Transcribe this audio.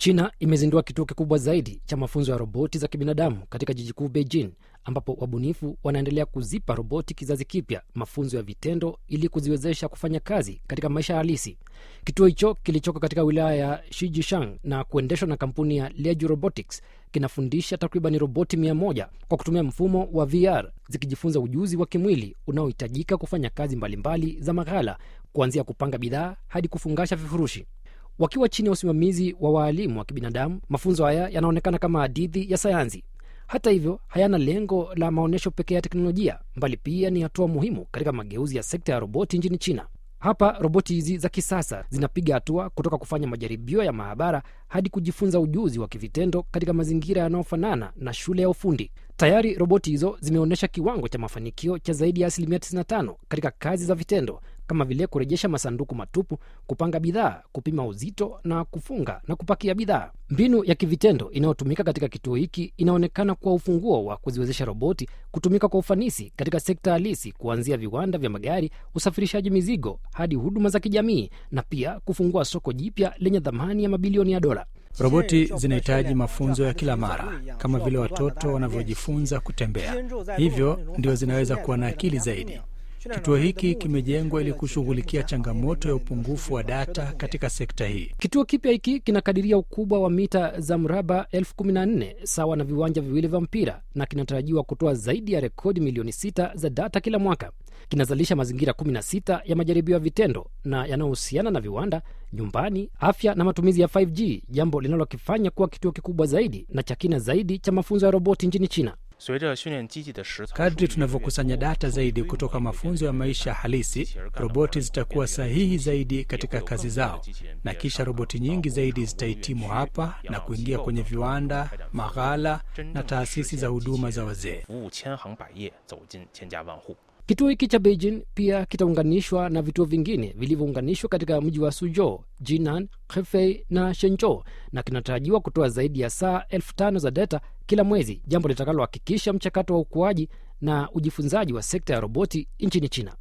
China imezindua kituo kikubwa zaidi cha mafunzo ya roboti za kibinadamu katika jiji kuu Beijing, ambapo wabunifu wanaendelea kuzipa roboti kizazi kipya mafunzo ya vitendo ili kuziwezesha kufanya kazi katika maisha halisi. Kituo hicho kilichoko katika wilaya ya shijishang na kuendeshwa na kampuni ya leju Robotics kinafundisha takriban roboti mia moja kwa kutumia mfumo wa VR zikijifunza ujuzi wa kimwili unaohitajika kufanya kazi mbalimbali za maghala, kuanzia kupanga bidhaa hadi kufungasha vifurushi wakiwa chini ya usimamizi wa waalimu wa kibinadamu. Mafunzo haya yanaonekana kama adidhi ya sayansi. Hata hivyo, hayana lengo la maonyesho pekee ya teknolojia, mbali pia ni hatua muhimu katika mageuzi ya sekta ya roboti nchini China. Hapa roboti hizi za kisasa zinapiga hatua kutoka kufanya majaribio ya maabara hadi kujifunza ujuzi wa kivitendo katika mazingira yanayofanana na shule ya ufundi. Tayari roboti hizo zimeonyesha kiwango cha mafanikio cha zaidi ya asilimia 95 katika kazi za vitendo kama vile kurejesha masanduku matupu, kupanga bidhaa, kupima uzito na kufunga na kupakia bidhaa. Mbinu ya kivitendo inayotumika katika kituo hiki inaonekana kuwa ufunguo wa kuziwezesha roboti kutumika kwa ufanisi katika sekta halisi, kuanzia viwanda vya magari, usafirishaji mizigo hadi huduma za kijamii, na pia kufungua soko jipya lenye thamani ya mabilioni ya dola. Roboti zinahitaji mafunzo ya kila mara, kama vile watoto wanavyojifunza kutembea, hivyo ndio zinaweza kuwa na akili zaidi. Kituo hiki kimejengwa ili kushughulikia changamoto ya upungufu wa data katika sekta hii. Kituo kipya hiki kinakadiria ukubwa wa mita za mraba elfu kumi na nne sawa na viwanja viwili vya mpira na kinatarajiwa kutoa zaidi ya rekodi milioni sita za data kila mwaka. Kinazalisha mazingira 16 ya majaribio ya vitendo na yanayohusiana na viwanda, nyumbani, afya na matumizi ya 5G, jambo linalokifanya kuwa kituo kikubwa zaidi na cha kina zaidi cha mafunzo ya roboti nchini China. Kadri tunavyokusanya data zaidi kutoka mafunzo ya maisha halisi, roboti zitakuwa sahihi zaidi katika kazi zao, na kisha roboti nyingi zaidi zitahitimu hapa na kuingia kwenye viwanda, maghala na taasisi za huduma za wazee. Kituo hiki cha Beijing pia kitaunganishwa na vituo vingine vilivyounganishwa katika mji wa Suzhou, Jinan, Hefei na Shenzhou, na kinatarajiwa kutoa zaidi ya saa elfu tano za data kila mwezi, jambo litakalohakikisha mchakato wa ukuaji na ujifunzaji wa sekta ya roboti nchini China.